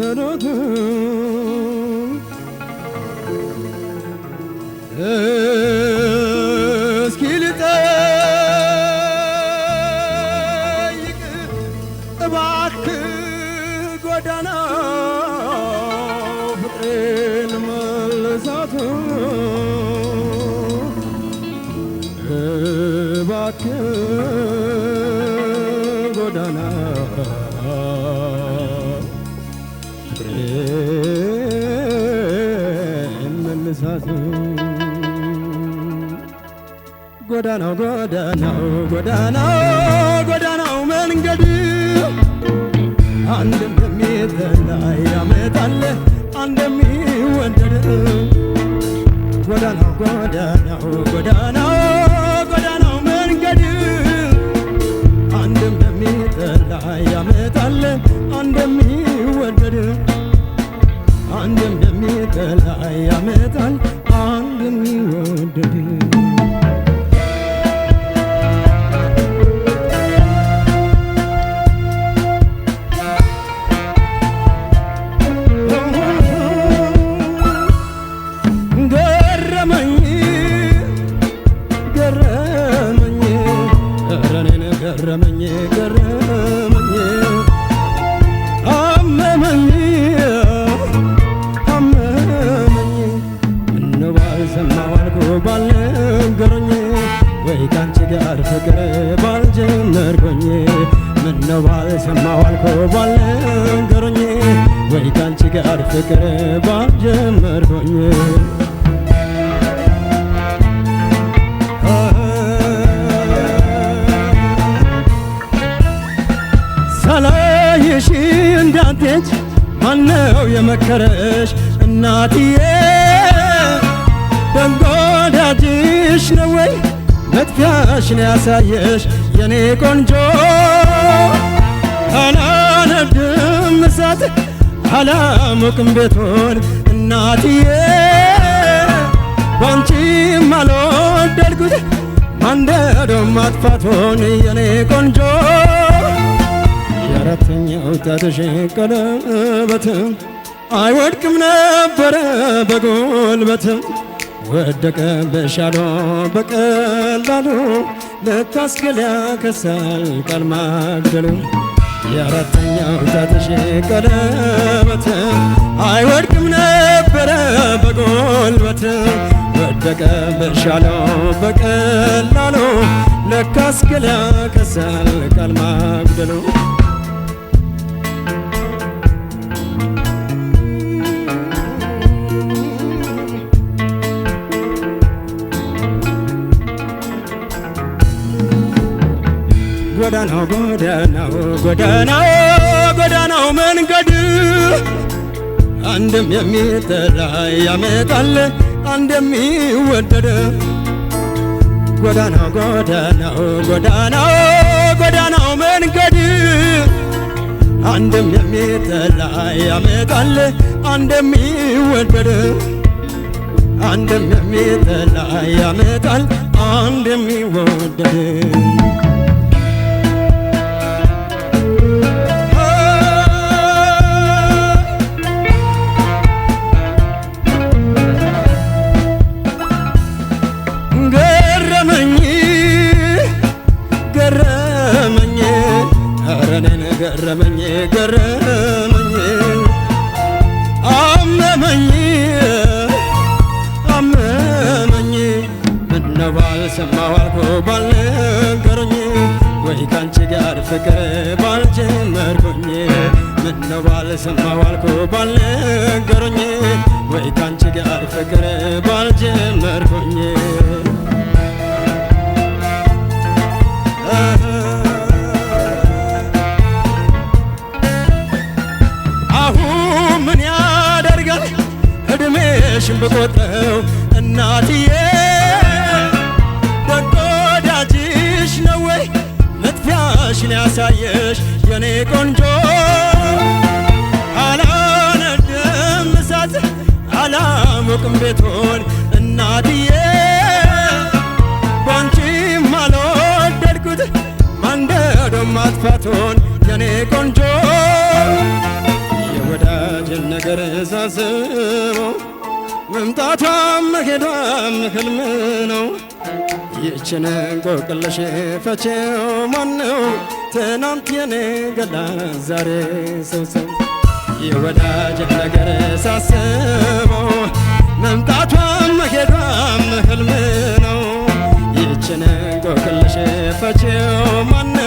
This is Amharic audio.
ሰኖት እስኪ ልጠይቅ እባክህ ፍቅሬን መልሳት እባክህ ጎዳና ራሱ ጎዳናው ጎዳናው ጎዳናው ጎዳናው መንገድ አንድም የሚጠላ ያመጣል አንድም ይወደድ ጎዳናው ጎዳናው ጎዳናው አንድ የሚጠላ ያመጣል አንድ የሚወድ ገረመኝ ገረመኝ ገረመኝ አልኩ ባልነገሮኝ ወይ ካንቺ ጋር ፍቅር ባልጀመርኩኝ ምነው ባልሰማሁ አልኩ ባልነገሮኝ ወይ ካንቺ ጋር ፍቅር ባልጀመርኩኝ ሳላይሽ እንዳንቴች ማነው የመከረሽ እናትዬ ደንቆ ወዳጅሽ ነው ወይ መጥፊያሽን ያሳየሽ የኔ ቆንጆ አላነድም እሳት አላሞቅም ቤቶን እናትዬ ባንቺም አልወደድኩት ማንደዶ ማጥፋቶን የኔ ቆንጆ የአራተኛው ጣትሽ ቀለበትም አይወድቅም ነበረ በጉልበትም ወደቀ በሻሎ በቀላሉ ልታስገላ ከሳል ቃል ማግደሉ የአራተኛው ጣትሽ ቀለበት አይወድቅም ነበረ በጎልበት ወደቀ በሻሎ በቀላሉ ልታስገላ ከሳል ቃል ማግደሉ ጎዳናው ጎዳናው ጎዳናው መንገድ አንድም የሚጠላ ያመጣል አንድ የሚወደድ ጎዳናው ጎዳናው ጎዳናው ጎዳናው መንገድ አንድም የሚጠላ ያመጣል አንድ የሚወደድ አንድም የሚጠላ ያመጣል አንድ የሚወደድ የሰማሁ አልኩ ባልነገሩኝ ወይ ካንቺ ጋር ፍቅር ባልጀመርኩኝ ምነው ባልሰማሁ አልኩ ባልነገሩኝ ወይ ካንቺ ጋር ፍቅር ባልጀመርኩኝ አሁን ምን ያደርጋል እድሜሽን ብቆጥረው እናትዬ አሳየሽ የኔ ቆንጆ አላነድም እሳት አላሞቅም ቤቶን እናትዬ ባንቺም አልወደድኩት ማንደዶ ማጥፋቶን የኔ ቆንጆ የወዳጅን ነገር ሳስበው መምጣቷም መሄዷም ህልም ነው ይችን እንቆቅልሽ ፈቼው ማነው? ትናንት የኔ ገላ ዛሬ ሰው ሰው የወዳጅን ነገር ሳስበው መምጣቷም መሄዷም ህልም ነው። ይችን እንቆቅልሽ ፈቼው ማነው?